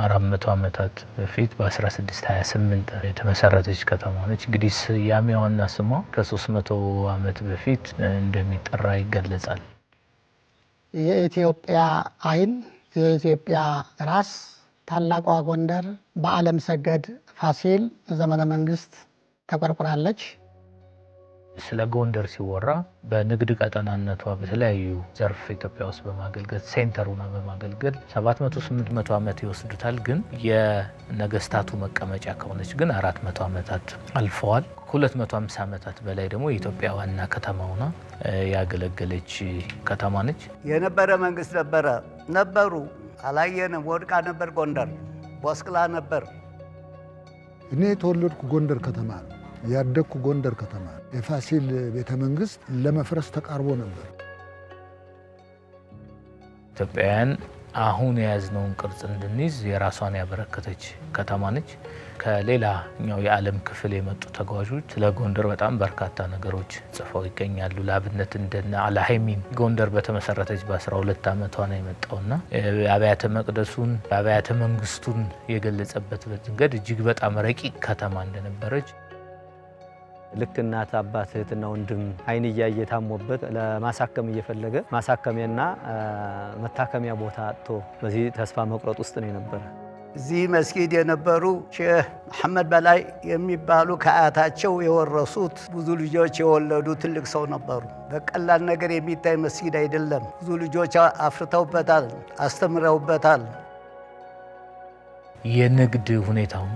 አራት መቶ ዓመታት በፊት በ1628 የተመሰረተች ከተማ ነች። እንግዲህ ስያሜ ዋና ስሟ ከ300 ዓመት በፊት እንደሚጠራ ይገለጻል። የኢትዮጵያ አይን፣ የኢትዮጵያ ራስ፣ ታላቋ ጎንደር በአለም ሰገድ ፋሲል ዘመነ መንግስት ተቆርቁራለች። ስለ ጎንደር ሲወራ በንግድ ቀጠናነቷ በተለያዩ ዘርፍ ኢትዮጵያ ውስጥ በማገልገል ሴንተር ሆና በማገልገል 7800 ዓመት ይወስዱታል። ግን የነገስታቱ መቀመጫ ከሆነች ግን 400 ዓመታት አልፈዋል። 250 ዓመታት በላይ ደግሞ የኢትዮጵያ ዋና ከተማ ሆና ያገለገለች ከተማ ነች። የነበረ መንግስት ነበረ ነበሩ አላየንም። ወድቃ ነበር ጎንደር፣ ቦስቅላ ነበር። እኔ የተወለድኩ ጎንደር ከተማ ነው። ያደግኩ ጎንደር ከተማ የፋሲል ቤተ መንግስት ለመፍረስ ተቃርቦ ነበር። ኢትዮጵያውያን አሁን የያዝነውን ቅርጽ እንድንይዝ የራሷን ያበረከተች ከተማ ነች። ከሌላኛው የዓለም ክፍል የመጡ ተጓዦች ለጎንደር በጣም በርካታ ነገሮች ጽፈው ይገኛሉ። ለአብነት እንደነ አልሃይሚን ጎንደር በተመሰረተች በ12 ዓመቷ ነው የመጣውና አብያተ መቅደሱን አብያተ መንግስቱን የገለጸበት መንገድ እጅግ በጣም ረቂቅ ከተማ እንደነበረች ልክ እናት አባት እህትና ወንድም አይን እያየ ታሞበት ለማሳከም እየፈለገ ማሳከሚያና መታከሚያ ቦታ አጥቶ በዚህ ተስፋ መቁረጥ ውስጥ ነው የነበረ። እዚህ መስጊድ የነበሩ ሼህ መሐመድ በላይ የሚባሉ ከአያታቸው የወረሱት ብዙ ልጆች የወለዱ ትልቅ ሰው ነበሩ። በቀላል ነገር የሚታይ መስጊድ አይደለም። ብዙ ልጆች አፍርተውበታል፣ አስተምረውበታል። የንግድ ሁኔታውን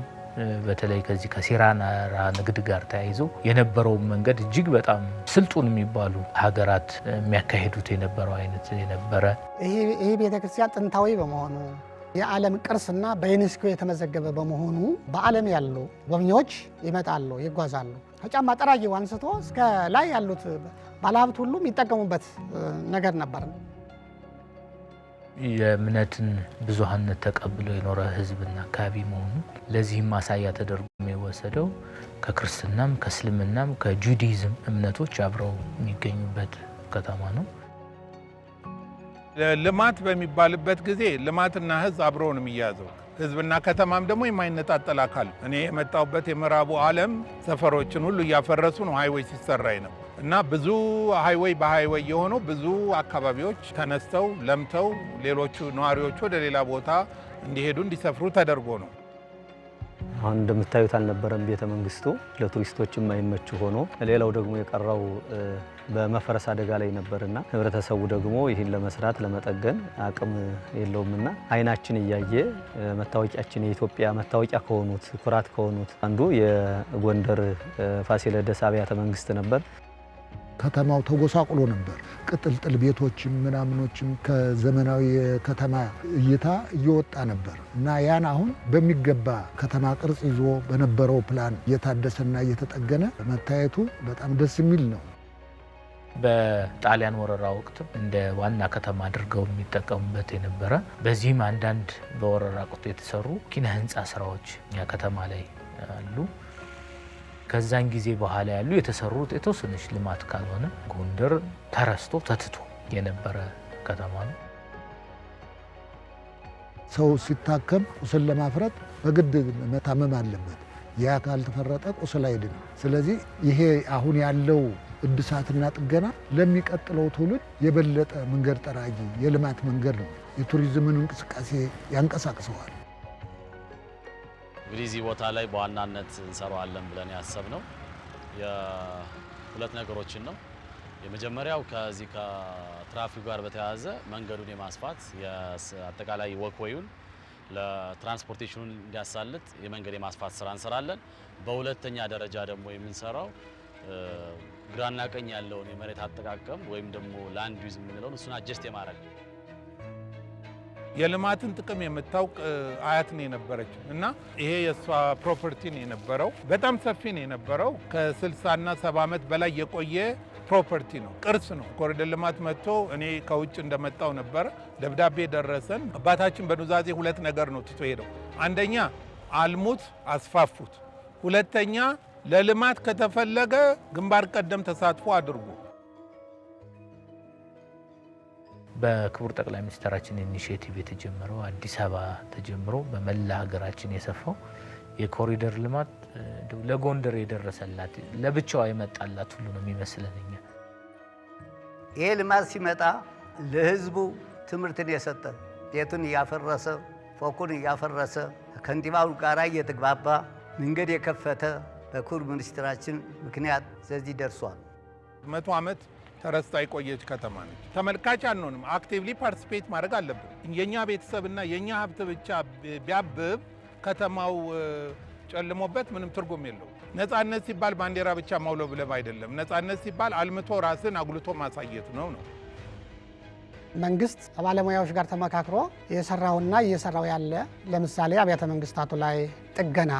በተለይ ከዚህ ከሴራራ ንግድ ጋር ተያይዞ የነበረውን መንገድ እጅግ በጣም ስልጡን የሚባሉ ሀገራት የሚያካሄዱት የነበረው አይነት የነበረ ይህ ቤተክርስቲያን ጥንታዊ በመሆኑ የዓለም ቅርስና በዩኔስኮ የተመዘገበ በመሆኑ በዓለም ያሉ ጎብኚዎች ይመጣሉ፣ ይጓዛሉ። ከጫማ ጠራጊው አንስቶ እስከ ላይ ያሉት ባለሀብት ሁሉም ይጠቀሙበት ነገር ነበር። የእምነትን ብዙሀነት ተቀብሎ የኖረ ህዝብና አካባቢ መሆኑ ለዚህም ማሳያ ተደርጎ የሚወሰደው ከክርስትናም ከእስልምናም ከጁዲዝም እምነቶች አብረው የሚገኙበት ከተማ ነው። ልማት በሚባልበት ጊዜ ልማትና ህዝብ አብረው ነው የሚያዘው። ህዝብና ከተማም ደግሞ የማይነጣጠል አካል። እኔ የመጣሁበት የምዕራቡ ዓለም ሰፈሮችን ሁሉ እያፈረሱ ነው ሀይዌይ ሲሰራኝ ነው እና ብዙ ሀይወይ በሀይወይ የሆኑ ብዙ አካባቢዎች ተነስተው ለምተው ሌሎቹ ነዋሪዎች ወደ ሌላ ቦታ እንዲሄዱ እንዲሰፍሩ ተደርጎ ነው። አሁን እንደምታዩት አልነበረም ቤተ መንግስቱ፣ ለቱሪስቶች የማይመች ሆኖ፣ ሌላው ደግሞ የቀረው በመፈረስ አደጋ ላይ ነበርና ህብረተሰቡ ደግሞ ይህን ለመስራት ለመጠገን አቅም የለውምና አይናችን እያየ መታወቂያችን የኢትዮጵያ መታወቂያ ከሆኑት ኩራት ከሆኑት አንዱ የጎንደር ፋሲለደስ አብያተ መንግስት ነበር። ከተማው ተጎሳቁሎ ነበር። ቅጥልጥል ቤቶችም ምናምኖችም ከዘመናዊ የከተማ እይታ እየወጣ ነበር እና ያን አሁን በሚገባ ከተማ ቅርጽ ይዞ በነበረው ፕላን እየታደሰና እየተጠገነ መታየቱ በጣም ደስ የሚል ነው። በጣሊያን ወረራ ወቅት እንደ ዋና ከተማ አድርገው የሚጠቀሙበት የነበረ በዚህም አንዳንድ በወረራ ወቅት የተሰሩ ኪነ ህንፃ ስራዎች እኛ ከተማ ላይ አሉ። ከዛን ጊዜ በኋላ ያሉ የተሰሩት የተወሰነች ልማት ካልሆነ ጎንደር ተረስቶ ተትቶ የነበረ ከተማ ነው። ሰው ሲታከም ቁስል ለማፍረጥ በግድ መታመም አለበት። ያ ካልተፈረጠ ቁስል አይድን። ስለዚህ ይሄ አሁን ያለው እድሳትና ጥገና ለሚቀጥለው ትውልድ የበለጠ መንገድ ጠራጊ የልማት መንገድ ነው። የቱሪዝምን እንቅስቃሴ ያንቀሳቅሰዋል። እንግዲህ እዚህ ቦታ ላይ በዋናነት እንሰራዋለን ብለን ያሰብነው የሁለት ነገሮችን ነው። የመጀመሪያው ከዚህ ከትራፊክ ጋር በተያያዘ መንገዱን የማስፋት አጠቃላይ ወክወዩን ለትራንስፖርቴሽኑን እንዲያሳልጥ የመንገድ የማስፋት ስራ እንሰራለን። በሁለተኛ ደረጃ ደግሞ የምንሰራው ግራና ቀኝ ያለውን የመሬት አጠቃቀም ወይም ደግሞ ላንድ ዩዝ የምንለውን እሱን አጀስት የማድረግ የልማትን ጥቅም የምታውቅ አያት ነው የነበረች እና ይሄ የእሷ ፕሮፐርቲ ነው የነበረው። በጣም ሰፊ ነው የነበረው። ከ ከ60ና ሰባ ዓመት በላይ የቆየ ፕሮፐርቲ ነው፣ ቅርስ ነው። ኮሪደር ልማት መጥቶ እኔ ከውጭ እንደመጣው ነበር ደብዳቤ ደረሰን። አባታችን በኑዛዜ ሁለት ነገር ነው ትቶ ሄደው፣ አንደኛ አልሙት አስፋፉት፣ ሁለተኛ ለልማት ከተፈለገ ግንባር ቀደም ተሳትፎ አድርጉ። በክቡር ጠቅላይ ሚኒስትራችን ኢኒሽቲቭ የተጀመረው አዲስ አበባ ተጀምሮ በመላ ሀገራችን የሰፋው የኮሪደር ልማት ለጎንደር የደረሰላት ለብቻዋ የመጣላት ሁሉ ነው የሚመስለንኛ። ይሄ ልማት ሲመጣ ለህዝቡ ትምህርትን የሰጠ ቤቱን እያፈረሰ ፎቁን እያፈረሰ ከንቲባው ጋር እየተግባባ መንገድ የከፈተ በክቡር ሚኒስትራችን ምክንያት ዘዚህ ደርሷል። መቶ ዓመት ተረስታ የቆየች ከተማ ነች። ተመልካች አንሆንም። አክቲቭሊ ፓርቲስፔት ማድረግ አለብን። የእኛ ቤተሰብና የእኛ ሀብት ብቻ ቢያብብ ከተማው ጨልሞበት ምንም ትርጉም የለው። ነፃነት ሲባል ባንዲራ ብቻ ማውለብለብ አይደለም። ነፃነት ሲባል አልምቶ ራስን አጉልቶ ማሳየት ነው ነው መንግስት ከባለሙያዎች ጋር ተመካክሮ የሰራውና እየሰራው ያለ ለምሳሌ አብያተ መንግስታቱ ላይ ጥገና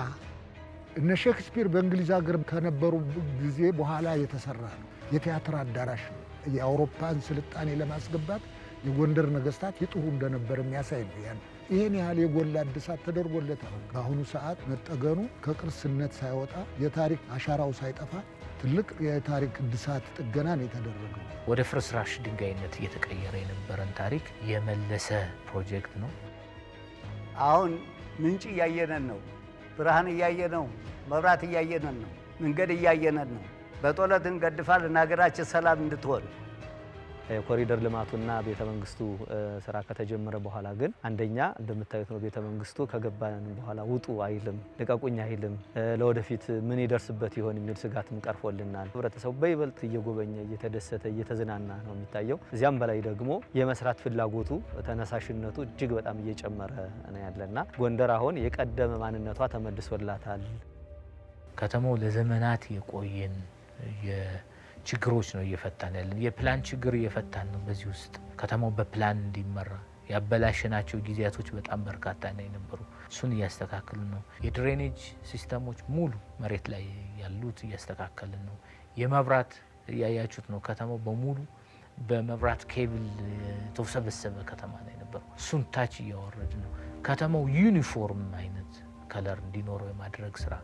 እነ ሼክስፒር በእንግሊዝ ሀገር ከነበሩ ጊዜ በኋላ የተሰራ ነው። የቲያትር አዳራሽ ነው። የአውሮፓን ስልጣኔ ለማስገባት የጎንደር ነገስታት ይጥሩ እንደነበር የሚያሳይ ነው። ያን ይህን ያህል የጎላ እድሳት ተደርጎለታል። በአሁኑ ሰዓት መጠገኑ ከቅርስነት ሳይወጣ የታሪክ አሻራው ሳይጠፋ ትልቅ የታሪክ እድሳት ጥገና ነው የተደረገው። ወደ ፍርስራሽ ድንጋይነት እየተቀየረ የነበረን ታሪክ የመለሰ ፕሮጀክት ነው። አሁን ምንጭ እያየነን ነው። ብርሃን እያየነው መብራት እያየነን ነው። መንገድ እያየነን ነው። በጦለት እንገድፋለን ሀገራችን ሰላም እንድትሆን የኮሪደር ልማቱና ቤተመንግስቱ ስራ ከተጀመረ በኋላ ግን አንደኛ እንደምታዩት ነው። ቤተመንግስቱ ከገባን በኋላ ውጡ አይልም፣ ልቀቁኝ አይልም። ለወደፊት ምን ይደርስበት ይሆን የሚል ስጋትም ቀርፎልናል። ህብረተሰቡ በይበልጥ እየጎበኘ እየተደሰተ እየተዝናና ነው የሚታየው። እዚያም በላይ ደግሞ የመስራት ፍላጎቱ ተነሳሽነቱ እጅግ በጣም እየጨመረ ነው ያለና ጎንደር አሁን የቀደመ ማንነቷ ተመልሶላታል። ከተማው ለዘመናት የቆየን ችግሮች ነው እየፈታን ያለን። የፕላን ችግር እየፈታን ነው። በዚህ ውስጥ ከተማው በፕላን እንዲመራ ያበላሸናቸው ጊዜያቶች በጣም በርካታ ነው የነበሩ። እሱን እያስተካከልን ነው። የድሬኔጅ ሲስተሞች ሙሉ መሬት ላይ ያሉት እያስተካከልን ነው። የመብራት እያያችሁት ነው። ከተማው በሙሉ በመብራት ኬብል የተውሰበሰበ ከተማ ነው የነበሩ። እሱን ታች እያወረድ ነው። ከተማው ዩኒፎርም አይነት ከለር እንዲኖረው የማድረግ ስራ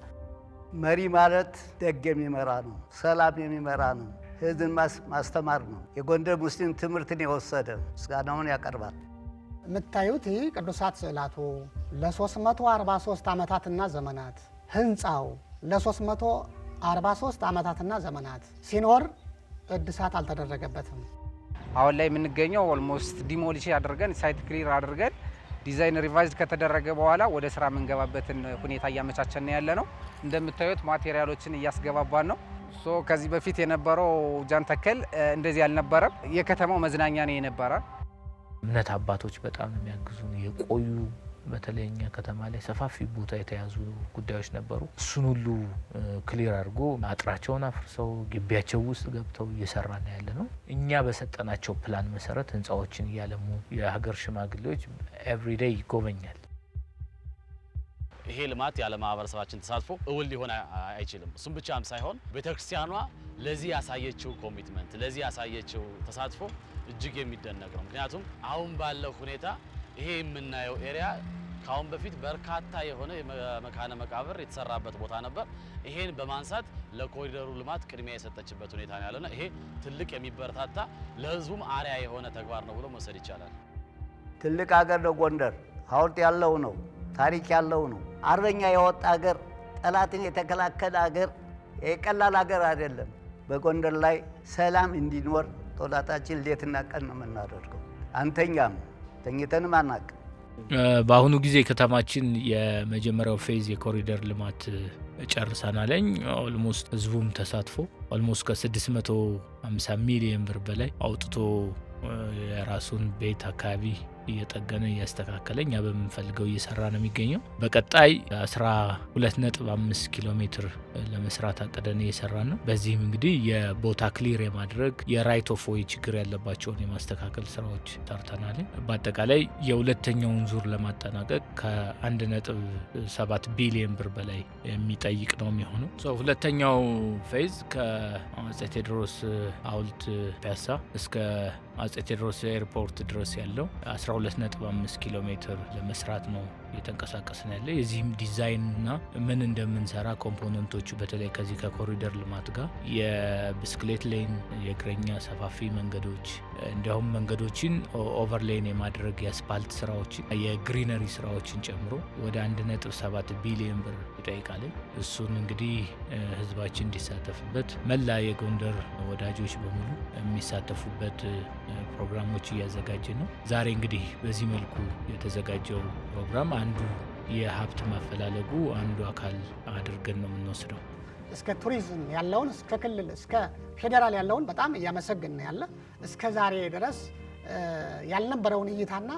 መሪ ማለት ደግ የሚመራ ነው፣ ሰላም የሚመራ ነው፣ ህዝብን ማስተማር ነው። የጎንደር ሙስሊም ትምህርትን የወሰደ ምስጋናውን ያቀርባል። የምታዩት ይህ ቅዱሳት ስዕላቱ ለ343 ዓመታትና ዘመናት ህንፃው ለ343 ዓመታትና ዘመናት ሲኖር እድሳት አልተደረገበትም። አሁን ላይ የምንገኘው ኦልሞስት ዲሞሊሽ አድርገን ሳይት ክሊር አድርገን ዲዛይን ሪቫይዝድ ከተደረገ በኋላ ወደ ስራ የምንገባበትን ሁኔታ እያመቻቸን ያለ ነው። እንደምታዩት ማቴሪያሎችን እያስገባባን ነው። ሶ ከዚህ በፊት የነበረው ጃን ተከል እንደዚህ አልነበረም። የከተማው መዝናኛ ነው የነበረ። እምነት አባቶች በጣም የሚያግዙ የቆዩ በተለይ እኛ ከተማ ላይ ሰፋፊ ቦታ የተያዙ ጉዳዮች ነበሩ። እሱን ሁሉ ክሊር አድርጎ አጥራቸውን አፍርሰው ግቢያቸው ውስጥ ገብተው ነው ያለ ነው። እኛ በሰጠናቸው ፕላን መሰረት ህንፃዎችን እያለሙ የሀገር ሽማግሌዎች ኤቭሪዴይ ይጎበኛል። ይሄ ልማት ያለ ማህበረሰባችን ተሳትፎ እውን ሊሆን አይችልም። እሱም ብቻም ሳይሆን ቤተክርስቲያኗ ለዚህ ያሳየችው ኮሚትመንት፣ ለዚህ ያሳየችው ተሳትፎ እጅግ የሚደነቅ ነው። ምክንያቱም አሁን ባለው ሁኔታ ይሄ የምናየው ኤሪያ ከአሁን በፊት በርካታ የሆነ የመካነ መቃብር የተሰራበት ቦታ ነበር። ይሄን በማንሳት ለኮሪደሩ ልማት ቅድሚያ የሰጠችበት ሁኔታ ነው ያለውና ይሄ ትልቅ የሚበረታታ ለህዝቡም አሪያ የሆነ ተግባር ነው ብሎ መውሰድ ይቻላል። ትልቅ ሀገር ነው ጎንደር። ሀውልት ያለው ነው፣ ታሪክ ያለው ነው። አርበኛ የወጣ ሀገር፣ ጠላትን የተከላከለ አገር፣ የቀላል ሀገር አይደለም። በጎንደር ላይ ሰላም እንዲኖር ጦላታችን ሌትና ቀን ነው የምናደርገው አንተኛም ተኝተንም አናቅ። በአሁኑ ጊዜ ከተማችን የመጀመሪያው ፌዝ የኮሪደር ልማት ጨርሰናለኝ። ኦልሞስት ህዝቡም ተሳትፎ ኦልሞስት ከ650 ሚሊየን ብር በላይ አውጥቶ የራሱን ቤት አካባቢ እየጠገነ እያስተካከለ እኛ በምንፈልገው እየሰራ ነው የሚገኘው። በቀጣይ 12.5 ኪሎ ሜትር ለመስራት አቅደን እየሰራ ነው። በዚህም እንግዲህ የቦታ ክሊር የማድረግ የራይት ኦፍ ወይ ችግር ያለባቸውን የማስተካከል ስራዎች ሰርተናል። በአጠቃላይ የሁለተኛውን ዙር ለማጠናቀቅ ከ1.7 ቢሊዮን ብር በላይ የሚጠይቅ ነው የሚሆነው። ሁለተኛው ፌዝ ከአፄ ቴዎድሮስ ሐውልት ፒያሳ እስከ አጼ ቴዎድሮስ ኤርፖርት ድረስ ያለው 125 ኪሎ ሜትር ለመስራት ነው እየተንቀሳቀስን ያለ የዚህም ዲዛይንና ምን እንደምንሰራ ኮምፖነንቶቹ በተለይ ከዚህ ከኮሪደር ልማት ጋር የብስክሌት ሌን፣ የእግረኛ ሰፋፊ መንገዶች እንዲያውም መንገዶችን ኦቨር ሌን የማድረግ የአስፓልት ስራዎችን የግሪነሪ ስራዎችን ጨምሮ ወደ 1.7 ቢሊዮን ብር ይጠይቃል። እሱን እንግዲህ ህዝባችን እንዲሳተፍበት መላ የጎንደር ወዳጆች በሙሉ የሚሳተፉበት ፕሮግራሞች እያዘጋጀ ነው። ዛሬ እንግዲህ በዚህ መልኩ የተዘጋጀው ፕሮግራም አንዱ የሀብት ማፈላለጉ አንዱ አካል አድርገን ነው የምንወስደው። እስከ ቱሪዝም ያለውን እስከ ክልል እስከ ፌዴራል ያለውን በጣም እያመሰግን ያለ እስከ ዛሬ ድረስ ያልነበረውን እይታና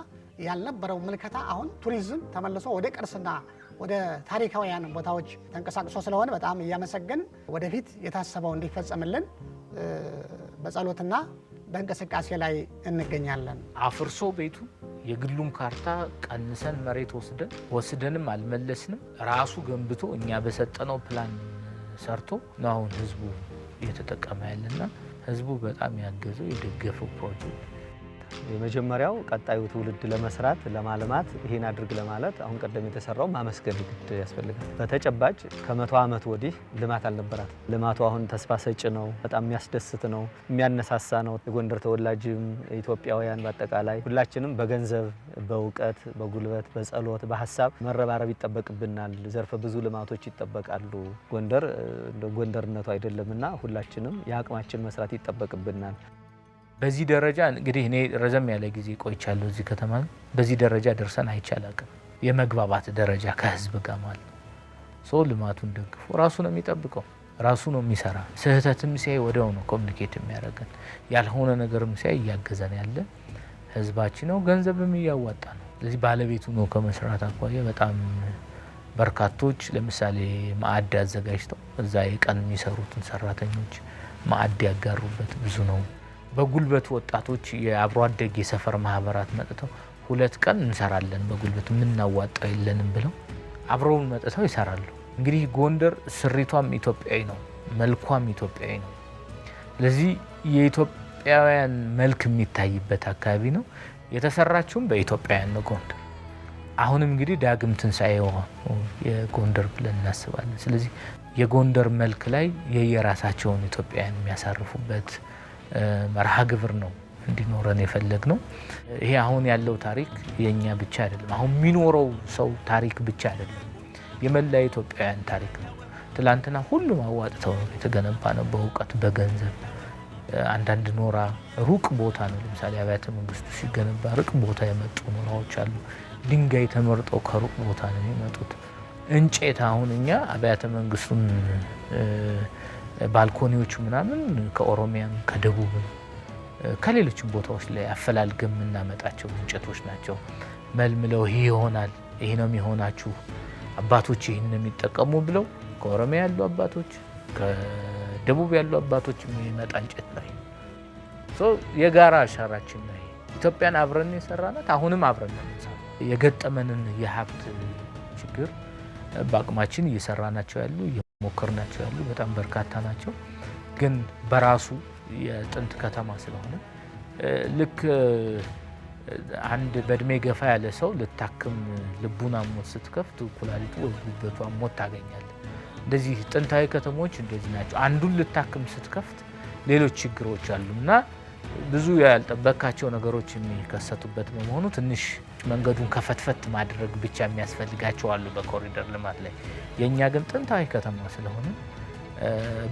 ያልነበረው ምልከታ አሁን ቱሪዝም ተመልሶ ወደ ቅርስና ወደ ታሪካውያን ቦታዎች ተንቀሳቅሶ ስለሆነ በጣም እያመሰግን ወደፊት የታሰበው እንዲፈጸምልን በጸሎትና በእንቅስቃሴ ላይ እንገኛለን። አፍርሶ ቤቱ የግሉም ካርታ ቀንሰን መሬት ወስደን ወስደንም አልመለስንም። ራሱ ገንብቶ እኛ በሰጠነው ፕላን ሰርቶ ነው አሁን ህዝቡ እየተጠቀመ ያለና ህዝቡ በጣም ያገዘው የደገፈው ፕሮጀክት የመጀመሪያው ቀጣዩ ትውልድ ለመስራት ለማልማት ይሄን አድርግ ለማለት አሁን ቀደም የተሰራው ማመስገን ግድ ያስፈልጋል። በተጨባጭ ከመቶ ዓመት ወዲህ ልማት አልነበራት። ልማቱ አሁን ተስፋ ሰጭ ነው። በጣም የሚያስደስት ነው፣ የሚያነሳሳ ነው። የጎንደር ተወላጅም ኢትዮጵያውያን በአጠቃላይ ሁላችንም በገንዘብ፣ በእውቀት፣ በጉልበት፣ በጸሎት፣ በሀሳብ መረባረብ ይጠበቅብናል። ዘርፈ ብዙ ልማቶች ይጠበቃሉ። ጎንደር እንደ ጎንደርነቱ አይደለምና ሁላችንም የአቅማችን መስራት ይጠበቅብናል። በዚህ ደረጃ እንግዲህ እኔ ረዘም ያለ ጊዜ ቆይቻለሁ እዚህ ከተማ። በዚህ ደረጃ ደርሰን አይቻላቅም። የመግባባት ደረጃ ከህዝብ ጋር ማለት ሰው ልማቱን ደግፎ ራሱ ነው የሚጠብቀው፣ ራሱ ነው የሚሰራ። ስህተትም ሲያይ ወደው ነው ኮሚኒኬት የሚያደርገን፣ ያልሆነ ነገርም ሲያይ እያገዘን ያለ ህዝባችን ነው። ገንዘብም እያዋጣ ነው። ስለዚህ ባለቤቱ ነው ከመስራት አኳያ በጣም በርካቶች ለምሳሌ ማዕድ አዘጋጅተው እዛ የቀን የሚሰሩትን ሰራተኞች ማዕድ ያጋሩበት ብዙ ነው። በጉልበት ወጣቶች የአብሮ አደግ የሰፈር ማህበራት መጥተው ሁለት ቀን እንሰራለን በጉልበት የምናዋጣው የለንም ብለው አብረውን መጥተው ይሰራሉ። እንግዲህ ጎንደር ስሪቷም ኢትዮጵያዊ ነው፣ መልኳም ኢትዮጵያዊ ነው። ስለዚህ የኢትዮጵያውያን መልክ የሚታይበት አካባቢ ነው። የተሰራችውም በኢትዮጵያውያን ነው ጎንደር። አሁንም እንግዲህ ዳግም ትንሣኤ የጎንደር ብለን እናስባለን። ስለዚህ የጎንደር መልክ ላይ የየራሳቸውን ኢትዮጵያውያን የሚያሳርፉበት መርሃ ግብር ነው እንዲኖረን የፈለግ ነው። ይሄ አሁን ያለው ታሪክ የእኛ ብቻ አይደለም። አሁን የሚኖረው ሰው ታሪክ ብቻ አይደለም፣ የመላ ኢትዮጵያውያን ታሪክ ነው። ትላንትና ሁሉም አዋጥተው ነው የተገነባ ነው፣ በእውቀት በገንዘብ አንዳንድ ኖራ ሩቅ ቦታ ነው። ለምሳሌ አብያተ መንግስቱ ሲገነባ ሩቅ ቦታ የመጡ ኖራዎች አሉ። ድንጋይ ተመርጠው ከሩቅ ቦታ ነው የመጡት። እንጨት አሁን እኛ አብያተ መንግስቱን ባልኮኒዎቹ ምናምን ከኦሮሚያም ከደቡብም ከሌሎችም ቦታዎች ላይ አፈላልገን የምናመጣቸው እንጨቶች ናቸው። መልምለው ይህ ይሆናል፣ ይህ ነው የሚሆናችሁ፣ አባቶች ይህን ነው የሚጠቀሙ ብለው ከኦሮሚያ ያሉ አባቶች ከደቡብ ያሉ አባቶች የሚመጣ እንጨት ነው። የጋራ አሻራችን ነው። ኢትዮጵያን አብረን የሰራናት አሁንም አብረን የገጠመንን የሀብት ችግር በአቅማችን ናቸው ያሉ ሞከርናቸው ያሉ በጣም በርካታ ናቸው። ግን በራሱ የጥንት ከተማ ስለሆነ ልክ አንድ በእድሜ ገፋ ያለ ሰው ልታክም ልቡን አሞት ስትከፍት ኩላሊቱ ወይ ጉበቱ አሞት ታገኛለ። እንደዚህ ጥንታዊ ከተሞች እንደዚህ ናቸው። አንዱን ልታክም ስትከፍት ሌሎች ችግሮች አሉ እና ብዙ ያልጠበቃቸው ነገሮች የሚከሰቱበት በመሆኑ ትንሽ መንገዱን ከፈትፈት ማድረግ ብቻ የሚያስፈልጋቸው አሉ በኮሪደር ልማት ላይ። የእኛ ግን ጥንታዊ ከተማ ስለሆነ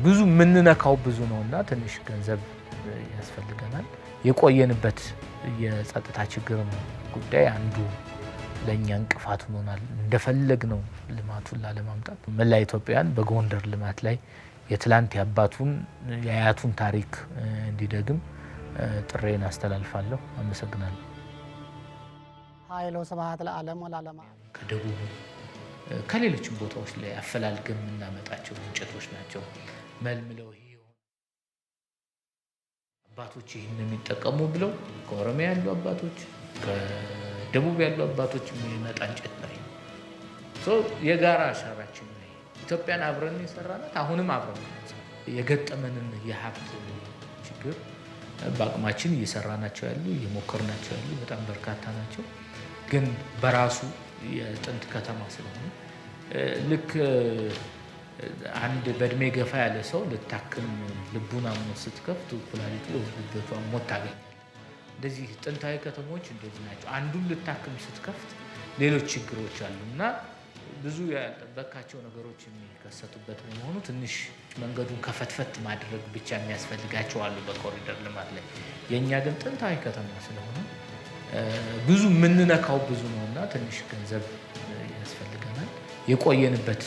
ብዙ የምንነካው ብዙ ነው እና ትንሽ ገንዘብ ያስፈልገናል። የቆየንበት የጸጥታ ችግርም ጉዳይ አንዱ ለእኛ እንቅፋት ሆኖናል። እንደፈለግ ነው ልማቱን ላለማምጣት መላ ኢትዮጵያን በጎንደር ልማት ላይ የትላንት የአባቱን የአያቱን ታሪክ እንዲደግም ጥሬን አስተላልፋለሁ። አመሰግናለሁ። ሀይሎ ወላለማ ከደቡብ ከሌሎችም ቦታዎች ላይ አፈላልገን የምናመጣቸው እንጨቶች ናቸው። መልምለው አባቶች ይህን የሚጠቀሙ ብለው ከኦሮሚያ ያሉ አባቶች ከደቡብ ያሉ አባቶች የሚመጣ እንጨት ነው። የጋራ አሻራችን ነው። ኢትዮጵያን አብረን የሰራናት አሁንም አብረን የገጠመንን የሀብት ችግር በአቅማችን እየሰራ ናቸው ያሉ እየሞከር ናቸው ያሉ በጣም በርካታ ናቸው። ግን በራሱ የጥንት ከተማ ስለሆነ ልክ አንድ በእድሜ ገፋ ያለ ሰው ልታክም ልቡን አምኖ ስትከፍት ኩላሊቱ ጉበቷ ሞት ታገኛል። እንደዚህ ጥንታዊ ከተሞች እንደዚህ ናቸው። አንዱን ልታክም ስትከፍት ሌሎች ችግሮች አሉ እና ብዙ ያልጠበቃቸው ነገሮች የሚከሰቱበት በመሆኑ ትንሽ መንገዱን ከፈትፈት ማድረግ ብቻ የሚያስፈልጋቸው አሉ በኮሪደር ልማት ላይ። የእኛ ግን ጥንታዊ ከተማ ስለሆነ ብዙ የምንነካው ብዙ ነው እና ትንሽ ገንዘብ ያስፈልገናል። የቆየንበት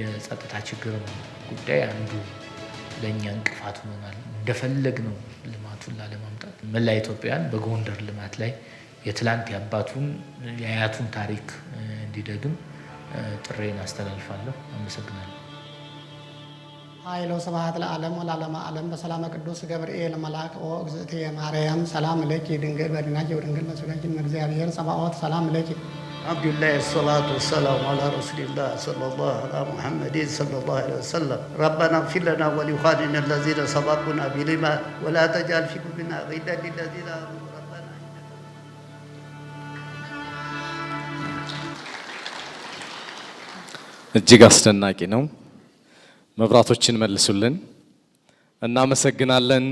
የጸጥታ ችግር ጉዳይ አንዱ ለእኛ እንቅፋት ሆኖናል። እንደፈለግ ነው ልማቱን ላለማምጣት መላ ኢትዮጵያን በጎንደር ልማት ላይ የትላንት የአባቱን የአያቱን ታሪክ እንዲደግም ጥሬን አስተላልፋለሁ። አመሰግናለሁ። ኃይሎ ስብሐት ለዓለም ወላለማ ዓለም በሰላመ ቅዱስ ገብርኤል መልአክ ኦ እግዝእትየ ማርያም ሰላም ለኪ ድንግል በድናኪ ወድንግል መስጋኪን እግዚአብሔር ጸባኦት ሰላም ለኪ عبد الله الصلاة والسلام على رسول الله صلى الله على محمد صلى الله عليه وسلم ربنا اغفر لنا ولإخواننا الذين سبقونا بالإيمان ولا تجعل في قلوبنا غلا للذين እጅግ አስደናቂ ነው። መብራቶችን መልሱልን። እናመሰግናለን።